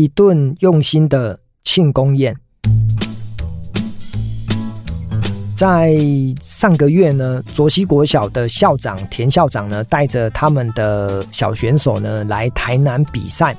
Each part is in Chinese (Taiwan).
一頓用心的慶功宴，在上個月呢，卓溪國小的校長田校長呢，帶着他們的小選手呢來台南比賽。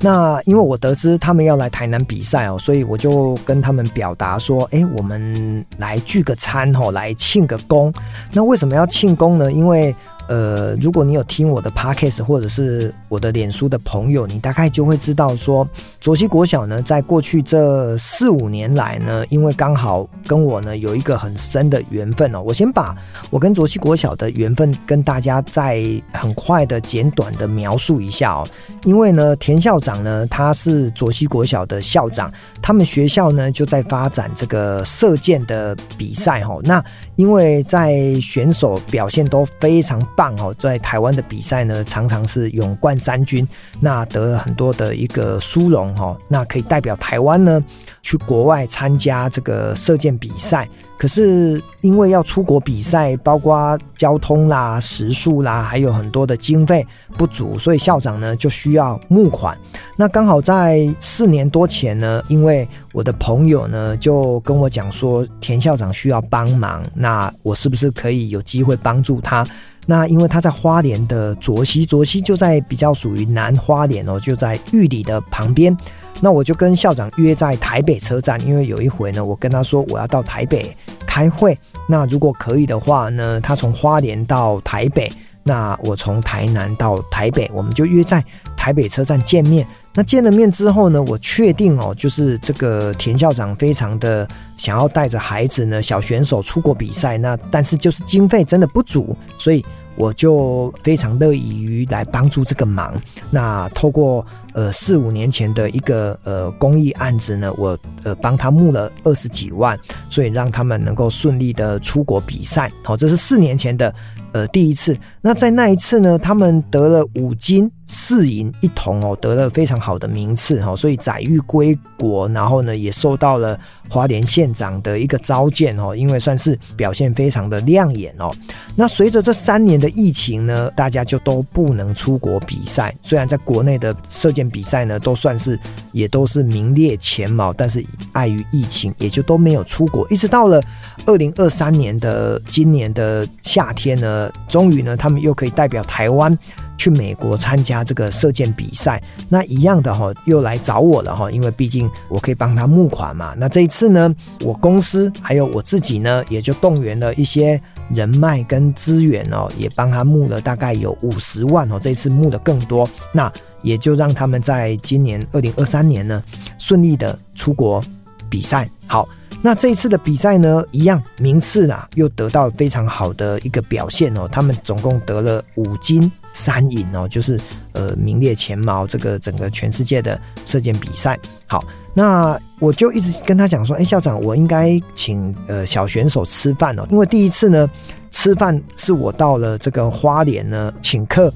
那因為我得知他們要來台南比賽哦，所以我就跟他們表達說：“哎、欸，我們來聚個餐吼，來慶個功。那為什麼要慶功呢？因為……”呃，如果你有聽我的 podcast 或者是我的臉書的朋友，你大概就會知道說，卓溪國小呢，在過去這四五年來呢，因為剛好跟我呢有一個很深的緣分哦、喔，我先把我跟卓溪國小的緣分跟大家再很快的簡短的描述一下哦、喔，因為呢，田校長呢，他是卓溪國小的校長，他們學校呢就在發展這個射箭的比賽哦、喔。那。因為在選手表現都非常棒哦，在台灣的比賽呢，常常是勇冠三軍，那得了很多的一個殊榮，那可以代表台灣呢，去國外參加這個射箭比賽。可是因為要出國比賽，包括交通啦、食宿啦，還有很多的經費不足，所以校長呢就需要募款。那剛好在四年多前呢，因為我的朋友呢就跟我講說，田校長需要幫忙，那我是不是可以有機會幫助他？那因為他在花蓮的卓溪，卓溪就在比較屬於南花蓮哦，就在玉里的旁邊。那我就跟校長約在台北車站，因為有一回呢，我跟他說我要到台北開會。那如果可以的話呢，他從花蓮到台北，那我從台南到台北，我們就約在台北車站見面。那見了面之後呢，我確定哦，就是這個田校長非常的想要帶着孩子呢，小選手出國比賽。那但是就是經費真的不足，所以我就非常樂意於來幫助這個忙。那透過。呃，四五年前的一個呃公益案子呢，我呃幫他募了二十幾萬，所以讓他們能夠順利的出國比賽。好、哦，這是四年前的呃第一次。那在那一次呢，他們得了五金四銀一銅哦，得了非常好的名次哦，所以載譽歸國，然後呢也受到了花蓮縣長的一個召見哦，因為算是表現非常的亮眼哦。那隨着這三年的疫情呢，大家就都不能出國比賽，雖然在國內的射箭。比賽呢，都算是也都是名列前茅，但是礙於疫情，也就都沒有出國。一直到了二零二三年的今年的夏天呢，終於呢，他們又可以代表台灣去美國參加這個射箭比賽。那一樣的哈，又來找我了哈，因為畢竟我可以幫他募款嘛。那這一次呢，我公司還有我自己呢，也就動員了一些。人脈跟資源哦，也幫他募了大概有五十萬哦，這次募了更多，那也就讓他們在今年二零二三年呢順利的出國比賽。好，那這一次的比賽呢，一樣名次啊，又得到非常好的一個表現哦，他們總共得了五金三銀哦，就是呃名列前茅這個整個全世界的射箭比賽。好。那我就一直跟他講說，誒、欸，校長，我應該請呃小選手吃飯哦，因為第一次呢，吃飯是我到了這個花蓮呢請客，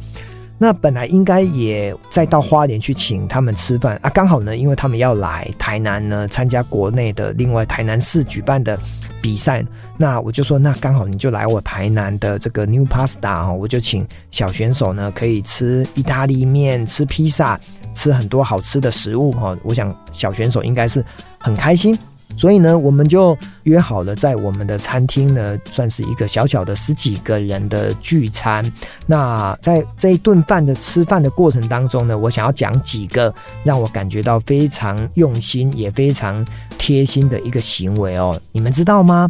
那本來應該也再到花蓮去請他們吃飯啊，剛好呢，因為他們要來台南呢參加國內的另外台南市舉辦的比賽，那我就說，那剛好你就來我台南的這個 NU PASTA、哦、我就請小選手呢可以吃意大利麵，吃披薩。吃很多好吃的食物哈，我想小選手應該是很開心，所以呢，我們就約好了在我們的餐廳呢，算是一個小小的十幾個人的聚餐。那在這一頓飯的吃飯的過程當中呢，我想要講幾個讓我感覺到非常用心，也非常貼心的一個行為哦，你們知道嗎？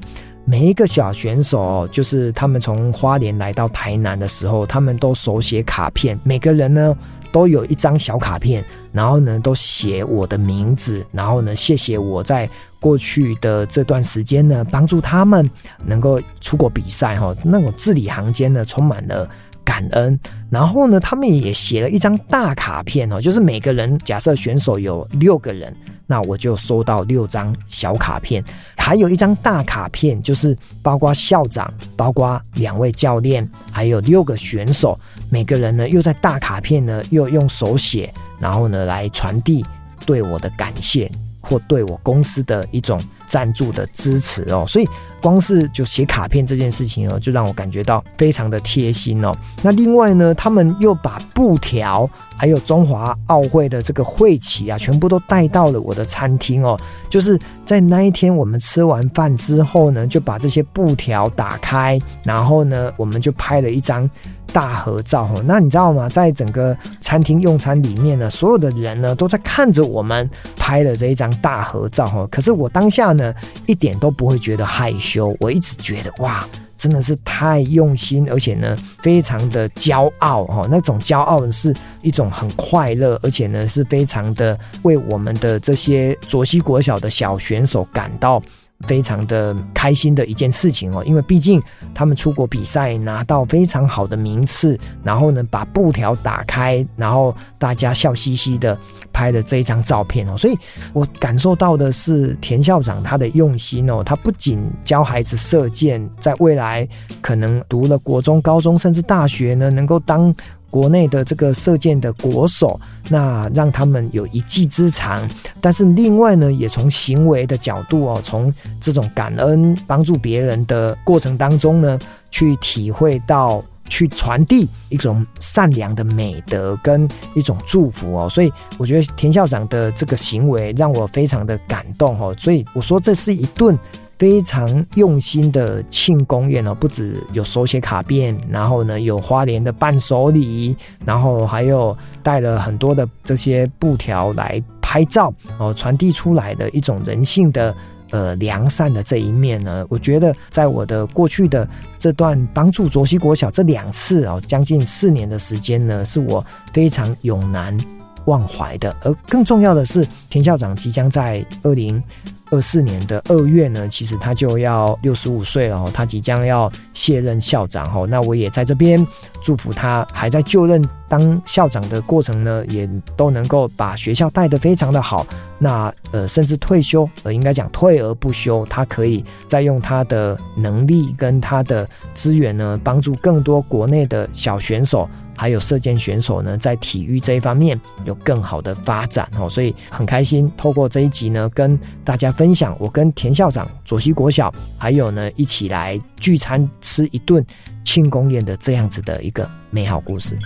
每一個小選手，就是他們從花蓮來到台南的時候，他們都手寫卡片，每個人呢都有一張小卡片，然後呢都寫我的名字，然後呢謝謝我在過去的這段時間呢幫助他們能夠出國比賽哈，那種字裡行間呢充滿了。感恩，然後呢，他們也寫了一張大卡片哦，就是每個人，假設選手有六個人，那我就收到六張小卡片，還有一張大卡片，就是包括校長、包括兩位教練，還有六個選手，每個人呢又在大卡片呢又用手寫，然後呢來傳遞對我的感謝或對我公司的一種。贊助的支持哦，所以光是就寫卡片這件事情哦，就讓我感覺到非常的貼心哦。那另外呢，他們又把布條還有中華奧會的這個會旗啊，全部都帶到了我的餐廳哦。就是在那一天，我們吃完飯之後呢，就把這些布條打開，然後呢，我們就拍了一張。大合照哦，那你知道嗎？在整個餐廳用餐裡面呢，所有的人呢都在看着我們拍了這一張大合照哦。可是我當下呢一點都不會覺得害羞，我一直覺得哇，真的是太用心，而且呢非常的驕傲哦。那種驕傲是一種很快樂，而且呢是非常的為我們的這些卓溪國小的小選手感到。非常的開心的一件事情哦，因為畢竟他們出國比賽拿到非常好的名次，然後呢把布條打開，然後大家笑嘻嘻的拍的這一張照片哦，所以我感受到的是田校長他的用心哦，他不僅教孩子射箭，在未來可能讀了國中、高中甚至大學呢，能夠當。國內的這個射箭的國手，那讓他們有一技之長，但是另外呢，也從行為的角度哦，從這種感恩幫助別人的過程當中呢，去體會到去傳遞一種善良的美德跟一種祝福哦，所以我覺得田校長的這個行為讓我非常的感動哦，所以我說這是一頓。非常用心的慶功宴哦，不止有手寫卡片，然後呢，有花蓮的伴手禮，然後還有帶了很多的這些布條來拍照哦，傳遞出來的一種人性的呃良善的這一面呢，我覺得在我的過去的這段幫助卓溪國小這兩次啊、哦，將近四年的時間呢，是我非常永難忘懷的，而更重要的是，田校長即將在二零。二四年的二月呢，其實他就要六十五歲了，哦，他即將要卸任校長。哦，那我也在這邊祝福他還在就任當校長的過程呢，也都能夠把學校帶得非常的好。那呃，甚至退休，呃，應該講退而不休，他可以再用他的能力跟他的資源呢，幫助更多國內的小選手。還有射箭選手呢，在體育這一方面有更好的發展哦，所以很開心。透過這一集呢，跟大家分享我跟田校長、卓溪國小，還有呢一起來聚餐吃一頓慶功宴的這樣子的一個美好故事。